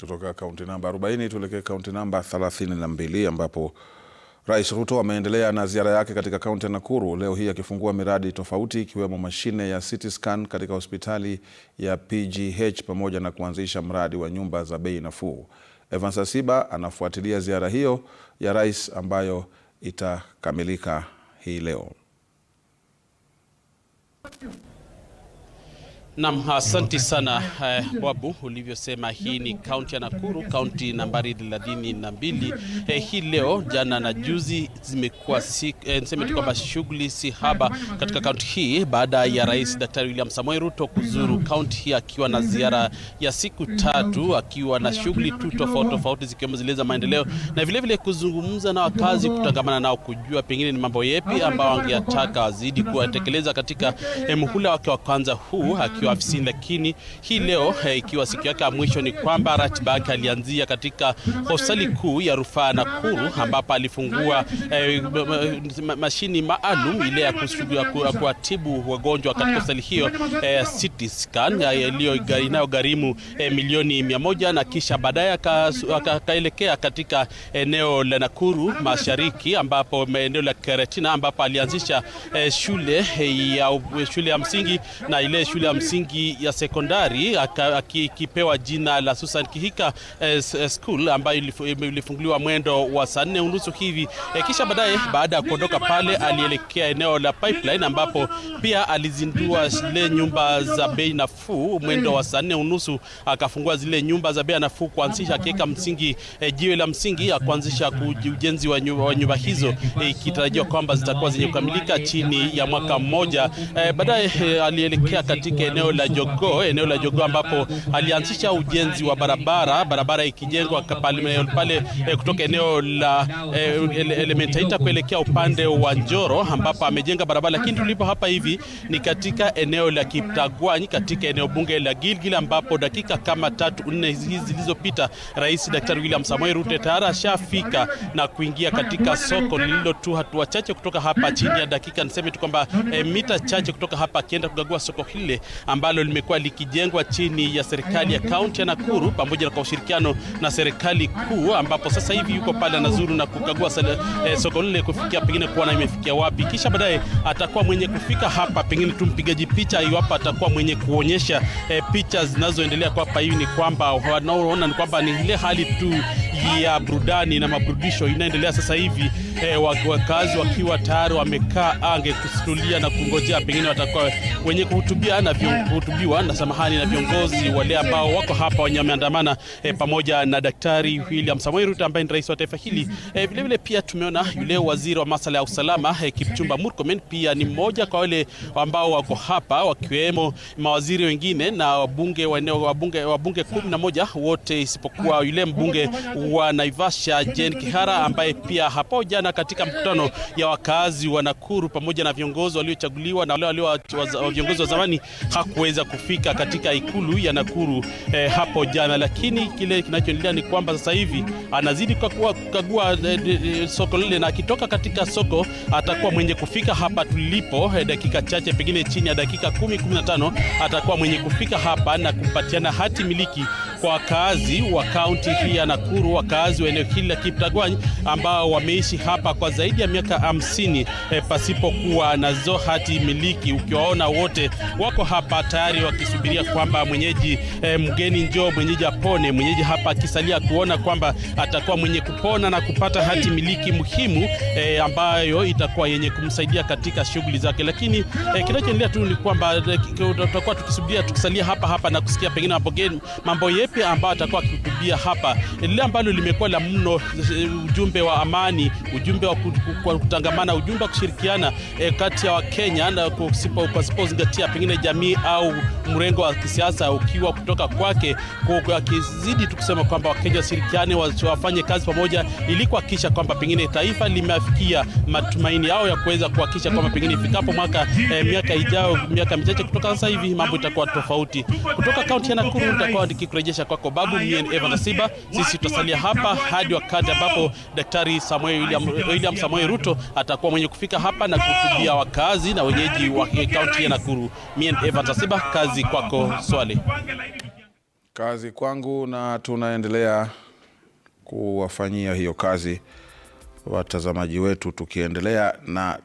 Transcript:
Kutoka kaunti namba 40 tuelekee kaunti namba 32 ambapo Rais Ruto ameendelea na ziara yake katika kaunti ya Nakuru leo hii akifungua miradi tofauti ikiwemo mashine ya CT scan katika hospitali ya PGH pamoja na kuanzisha mradi wa nyumba za bei nafuu. Evans Asiba anafuatilia ziara hiyo ya rais ambayo itakamilika hii leo. Nam, asanti sana eh, Wabu, ulivyosema hii ni kaunti ya Nakuru, kaunti nambari 32 na mbili. Eh, hii leo jana na juzi zimekuwa si, eh, niseme tu kwamba shughuli si haba katika kaunti hii baada ya Rais Daktari William Samoei Ruto kuzuru kaunti hii akiwa na ziara ya siku tatu akiwa na shughuli tu tofauti tofauti zikiwemo zile za maendeleo na vilevile vile kuzungumza na wakazi, kutangamana nao, kujua pengine ni mambo yepi ambayo angeyataka wazidi kuwatekeleza katika eh, muhula wake wa kwanza huu akiwa akiwa afisini, lakini hii leo eh, ikiwa siku yake ya mwisho, ni kwamba ratiba yake alianzia katika hospitali kuu ya rufaa Nakuru, ambapo alifungua eh, mashini maalum ile ya kuwatibu wagonjwa katika hospitali hiyo eh, CT scan inayogharimu eh, milioni mia moja na kisha baadaye akaelekea katika eneo la Nakuru mashariki ambapo maeneo la Karatina ambapo alianzisha eh, shule, eh, ya, shule ya msingi na ile shule ya msingi msingi ya sekondari akipewa jina la Susan Kihika eh, eh, School ambayo eh, ilifunguliwa mwendo wa saa nne unusu hivi. Kisha baadaye, baada ya kuondoka pale, alielekea eneo la Pipeline ambapo pia alizindua zile nyumba za bei nafuu mwendo wa saa nne unusu, akafungua zile nyumba za bei nafuu, kuanzisha akiweka msingi jiwe la msingi ya kuanzisha ujenzi wa nyumba wa nyumba hizo, ikitarajiwa kwamba zitakuwa zenye kukamilika chini ya mwaka mmoja. Baadaye alielekea katika eneo eneo la Jogo, eneo la Jogo ambapo alianzisha ujenzi wa barabara, barabara ikijengwa pale, pale eh, kutoka eneo la eh, ele, Elementaita kuelekea upande wa Njoro ambapo amejenga barabara, lakini tulipo hapa hivi ni katika eneo la Kiptagwanyi katika eneo bunge la Gilgil ambapo dakika kama tatu nne hizi zilizopita Rais Daktari William Samoei Ruto tayari ashafika na kuingia katika soko lililo tu hatua chache kutoka hapa, chini ya dakika niseme tu kwamba eh, mita chache kutoka hapa, akienda kugagua soko hile ambalo limekuwa likijengwa chini ya serikali ya kaunti ya Nakuru pamoja na kwa ushirikiano na serikali kuu, ambapo sasa hivi yuko pale anazuru na kukagua eh, soko lile kufikia pengine kuona imefikia wapi, kisha baadaye atakuwa mwenye kufika hapa, pengine tu mpigaji picha, iwapo atakuwa mwenye kuonyesha eh, picha zinazoendelea kwa hapa. Hivi ni kwamba wanaoona ni kwamba ni ile hali tu ya burudani na maburudisho inaendelea sasa hivi eh, wakazi wakiwa tayari wamekaa ah, ange kusitulia na kungojea pengine watakuwa wenye kuhutubia na kuhutubiwa na samahani na viongozi wale ambao wako hapa wenye wameandamana eh, pamoja na Daktari William Samoei Ruto ambaye ni rais wa taifa hili eh, vile vile pia tumeona yule waziri wa masuala ya usalama eh, Kipchumba Murkomen pia ni mmoja kwa wale ambao wako hapa wakiwemo mawaziri wengine na wabunge wa eneo wabunge wabunge 11 wote isipokuwa yule mbunge wa Naivasha Jane Kihara ambaye pia hapo jana katika mkutano ya wakazi wa Nakuru pamoja na viongozi waliochaguliwa na wale walio viongozi wa zamani hakuweza kufika katika ikulu ya Nakuru eh, hapo jana, lakini kile kinachoendelea ni kwamba sasa hivi anazidi kukagua, kukagua eh, eh, eh soko lile, na akitoka katika soko atakuwa mwenye kufika hapa tulipo eh, dakika chache pengine chini ya dakika 10 15 atakuwa mwenye kufika hapa na kupatiana hati miliki kwa wakazi wa kaunti hii ya Nakuru, wakazi wa eneo hili la Kiptagwany ambao wameishi hapa kwa zaidi ya miaka hamsini e, pasipokuwa nazo hati miliki. Ukiwaona wote wako hapa tayari wakisubiria kwamba mwenyeji e, mgeni njoo, mwenyeji apone, mwenyeji hapa akisalia kuona kwamba atakuwa mwenye kupona na kupata hati miliki muhimu e, ambayo itakuwa yenye kumsaidia katika shughuli zake. Lakini e, kinachoendelea tu ni kwamba tutakuwa tukisubiria tukisalia hapa hapa na kusikia pengine mambo yepi yepi ambayo atakuwa akihutubia hapa. Lile ambalo limekuwa la mno, ujumbe wa amani, ujumbe wa kutangamana, ujumbe wa kushirikiana e, kati ya Wakenya na pasipozingatia pengine jamii au mrengo wa kisiasa ukiwa kutoka kwake, akizidi tu kusema kwamba Wakenya washirikiane, wafanye kazi pamoja ili kuhakikisha kwamba pengine taifa limeafikia matumaini yao ya kuweza kuhakikisha kwamba pengine ifikapo mwaka e, miaka ijayo, miaka michache kutoka sasa hivi mambo itakuwa tofauti. Kutoka kaunti ya Nakuru nitakuwa nikikurejesha kukupisha kwako babu. Mimi ni Evan Asiba, sisi tutasalia hapa hadi wakati ambapo Daktari Samuel William, William Samuel Ruto atakuwa mwenye kufika hapa na kuhutubia wakazi na wenyeji wa kaunti ya Nakuru. Mimi ni Evan Asiba, kazi kwako swali. Kazi kwangu, na tunaendelea kuwafanyia hiyo kazi watazamaji wetu tukiendelea na